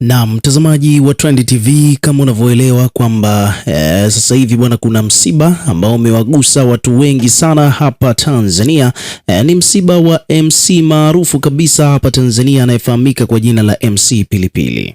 Na mtazamaji wa Trend TV, kama unavyoelewa kwamba e, sasa hivi bwana, kuna msiba ambao umewagusa watu wengi sana hapa Tanzania. E, ni msiba wa MC maarufu kabisa hapa Tanzania anayefahamika kwa jina la MC Pilipili.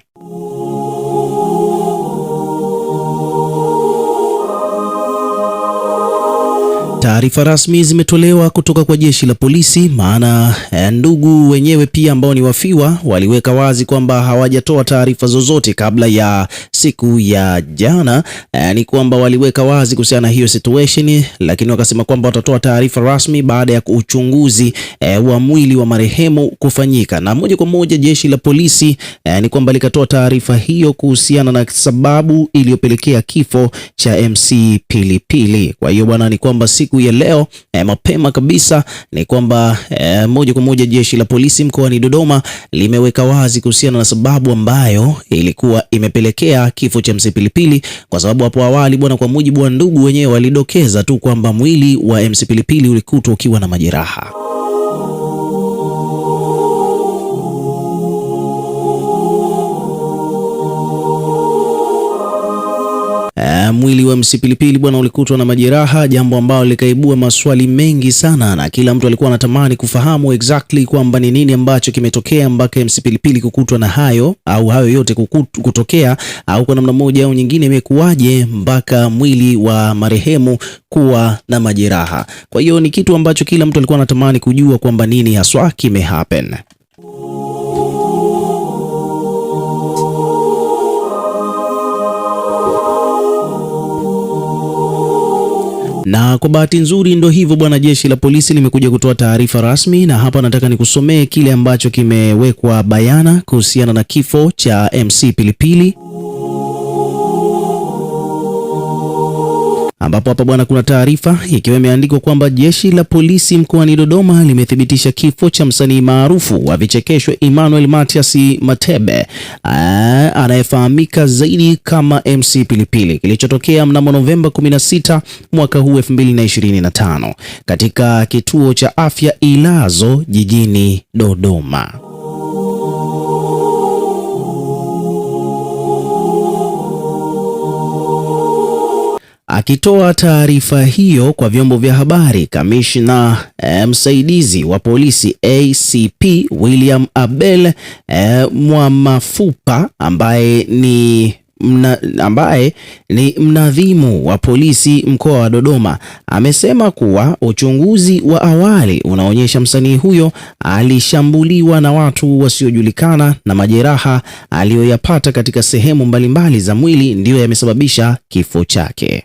Taarifa rasmi zimetolewa kutoka kwa jeshi la polisi, maana eh, ndugu wenyewe pia ambao ni wafiwa waliweka wazi kwamba hawajatoa taarifa zozote kabla ya siku ya jana. Eh, ni kwamba waliweka wazi kuhusiana na hiyo situation, lakini wakasema kwamba watatoa taarifa rasmi baada ya uchunguzi eh, wa mwili wa marehemu kufanyika. Na moja kwa moja jeshi la polisi ni kwamba likatoa taarifa hiyo kuhusiana na sababu iliyopelekea kifo cha MC Pilipili. Kwa hiyo bwana, ni kwamba siku siku ya leo eh, mapema kabisa ni kwamba eh, moja kwa moja jeshi la polisi mkoani Dodoma limeweka wazi kuhusiana na sababu ambayo ilikuwa imepelekea kifo cha MC Pilipili, kwa sababu hapo awali bwana, kwa mujibu wa ndugu wenyewe walidokeza tu kwamba mwili wa MC Pilipili ulikutwa ukiwa na majeraha. mwili wa MC Pilipili bwana ulikutwa na majeraha, jambo ambalo likaibua maswali mengi sana, na kila mtu alikuwa anatamani kufahamu exactly kwamba ni nini ambacho kimetokea mpaka MC Pilipili kukutwa na hayo au hayo yote kukutu, kutokea au kwa namna moja au nyingine imekuwaje mpaka mwili wa marehemu kuwa na majeraha. Kwa hiyo ni kitu ambacho kila mtu alikuwa anatamani kujua kwamba nini haswa kimehappen. Na kwa bahati nzuri ndo hivyo bwana, jeshi la polisi limekuja kutoa taarifa rasmi, na hapa nataka nikusomee kile ambacho kimewekwa bayana kuhusiana na kifo cha MC Pilipili. ambapo hapa bwana, kuna taarifa ikiwa imeandikwa kwamba jeshi la polisi mkoani Dodoma limethibitisha kifo cha msanii maarufu wa vichekesho Emmanuel Matias Matebe eh, anayefahamika zaidi kama MC Pilipili kilichotokea mnamo Novemba 16 mwaka huu 2025 katika kituo cha afya Ilazo jijini Dodoma. Akitoa taarifa hiyo kwa vyombo vya habari, kamishna eh, msaidizi wa polisi ACP William Abel eh, Mwamafupa ambaye ni Mna, ambaye ni mnadhimu wa polisi mkoa wa Dodoma amesema kuwa uchunguzi wa awali unaonyesha msanii huyo alishambuliwa na watu wasiojulikana na majeraha aliyoyapata katika sehemu mbalimbali za mwili ndiyo yamesababisha kifo chake.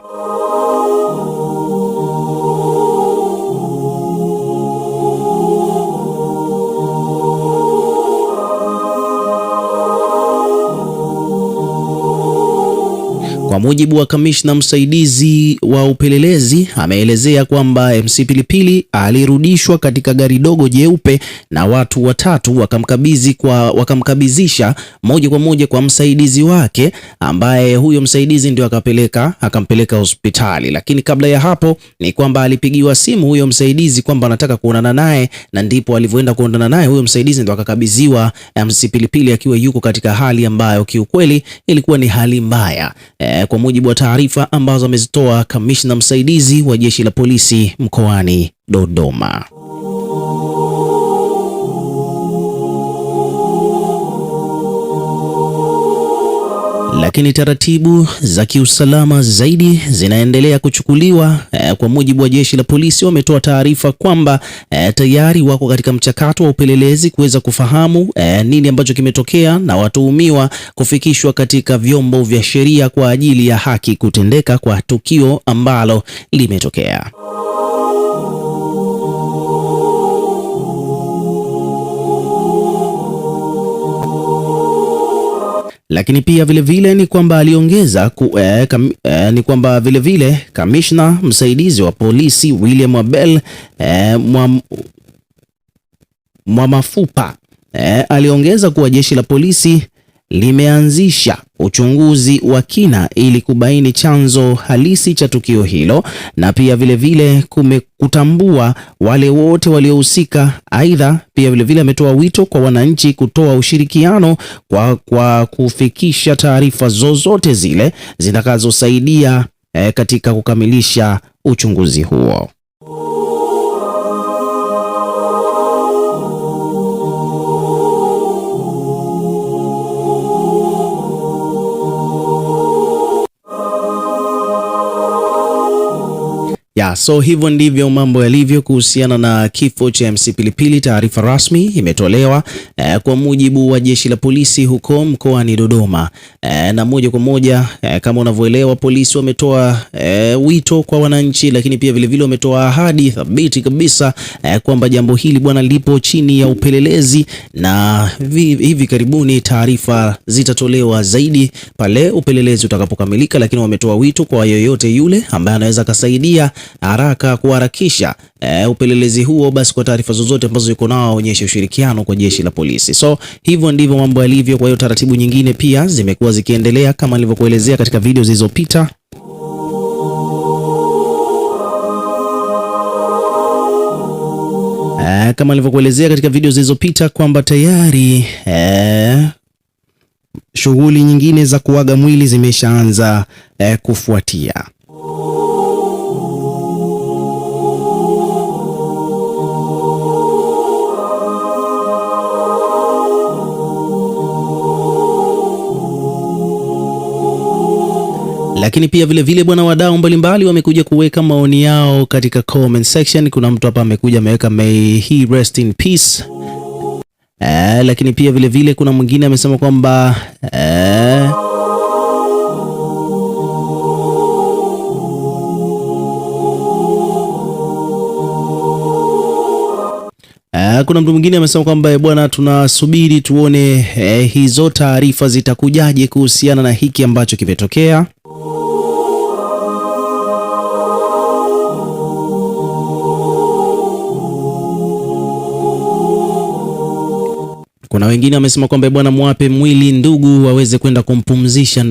Kwa mujibu wa kamishna msaidizi wa upelelezi, ameelezea kwamba MC Pilipili alirudishwa katika gari dogo jeupe na watu watatu wakamkabidhi kwa wakamkabidhisha moja kwa moja kwa msaidizi wake, ambaye huyo msaidizi ndio akapeleka akampeleka hospitali. Lakini kabla ya hapo ni kwamba alipigiwa simu huyo msaidizi kwamba anataka kuonana naye, na ndipo alivyoenda kuonana naye huyo msaidizi ndio akakabidhiwa MC Pilipili akiwa yuko katika hali ambayo kiukweli ilikuwa ni hali mbaya e, kwa mujibu wa taarifa ambazo amezitoa kamishna msaidizi wa jeshi la polisi mkoani Dodoma. lakini taratibu za kiusalama zaidi zinaendelea kuchukuliwa. Eh, kwa mujibu wa jeshi la polisi wametoa taarifa kwamba eh, tayari wako katika mchakato wa upelelezi kuweza kufahamu eh, nini ambacho kimetokea na watuhumiwa kufikishwa katika vyombo vya sheria kwa ajili ya haki kutendeka kwa tukio ambalo limetokea. Lakini pia vilevile vile ni kwamba aliongeza ku, eh, kam, eh, ni kwamba vilevile vile, kamishna msaidizi wa polisi William Abel eh, Mwamafupa mwam, eh, aliongeza kuwa jeshi la polisi limeanzisha uchunguzi wa kina ili kubaini chanzo halisi cha tukio hilo na pia vilevile kutambua wale wote waliohusika. Aidha, pia vilevile ametoa wito kwa wananchi kutoa ushirikiano kwa, kwa kufikisha taarifa zozote zile zitakazosaidia eh, katika kukamilisha uchunguzi huo. Ya, so hivyo ndivyo mambo yalivyo kuhusiana na kifo cha MC Pilipili. Taarifa rasmi imetolewa eh, kwa mujibu wa jeshi la polisi huko mkoani Dodoma eh, na moja kwa moja eh, kama unavyoelewa polisi wametoa eh, wito kwa wananchi, lakini pia vilevile wametoa ahadi thabiti kabisa eh, kwamba jambo hili bwana lipo chini ya upelelezi na hivi karibuni taarifa zitatolewa zaidi pale upelelezi utakapokamilika, lakini wametoa wito kwa yoyote yule ambaye anaweza akasaidia haraka kuharakisha e, upelelezi huo, basi kwa taarifa zozote ambazo yuko nao aonyeshe ushirikiano kwa jeshi la polisi. So hivyo ndivyo mambo yalivyo. Kwa hiyo taratibu nyingine pia zimekuwa zikiendelea kama nilivyokuelezea katika video zilizopita. Eh, kama nilivyokuelezea katika video zilizopita kwamba tayari eh, shughuli nyingine za kuaga mwili zimeshaanza eh, kufuatia. Lakini pia vile vile bwana, wadau mbalimbali wamekuja kuweka maoni yao katika comment section. Kuna mtu hapa amekuja ameweka may he rest in peace. Eh, lakini pia vile vile kuna mwingine amesema kwamba eh, eh kuna mtu mwingine amesema kwamba eh, bwana, tunasubiri tuone eh, hizo taarifa zitakujaje kuhusiana na hiki ambacho kimetokea. Kuna wengine wamesema kwamba bwana, mwape mwili ndugu waweze kwenda kumpumzisha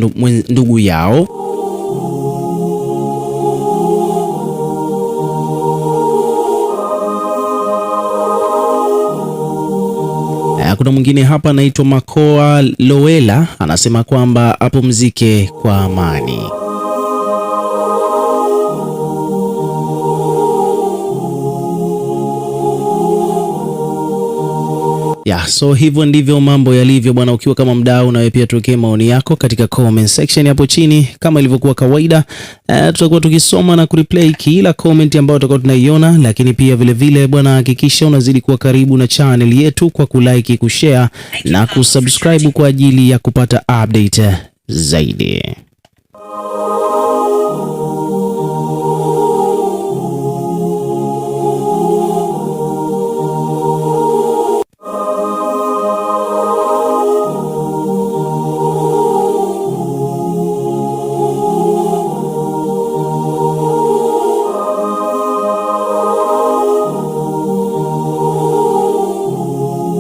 ndugu yao. Kuna mwingine hapa anaitwa Makoa Lowela anasema kwamba apumzike kwa amani. ya so hivyo ndivyo mambo yalivyo bwana. Ukiwa kama mdau, na wewe pia tuwekee maoni yako katika comment section hapo chini kama ilivyokuwa kawaida. eh, tutakuwa tukisoma na kureplay kila comment ambayo tutakuwa tunaiona, lakini pia vile vile bwana, hakikisha unazidi kuwa karibu na channel yetu kwa kulike, kushare na kusubscribe kwa ajili ya kupata update zaidi.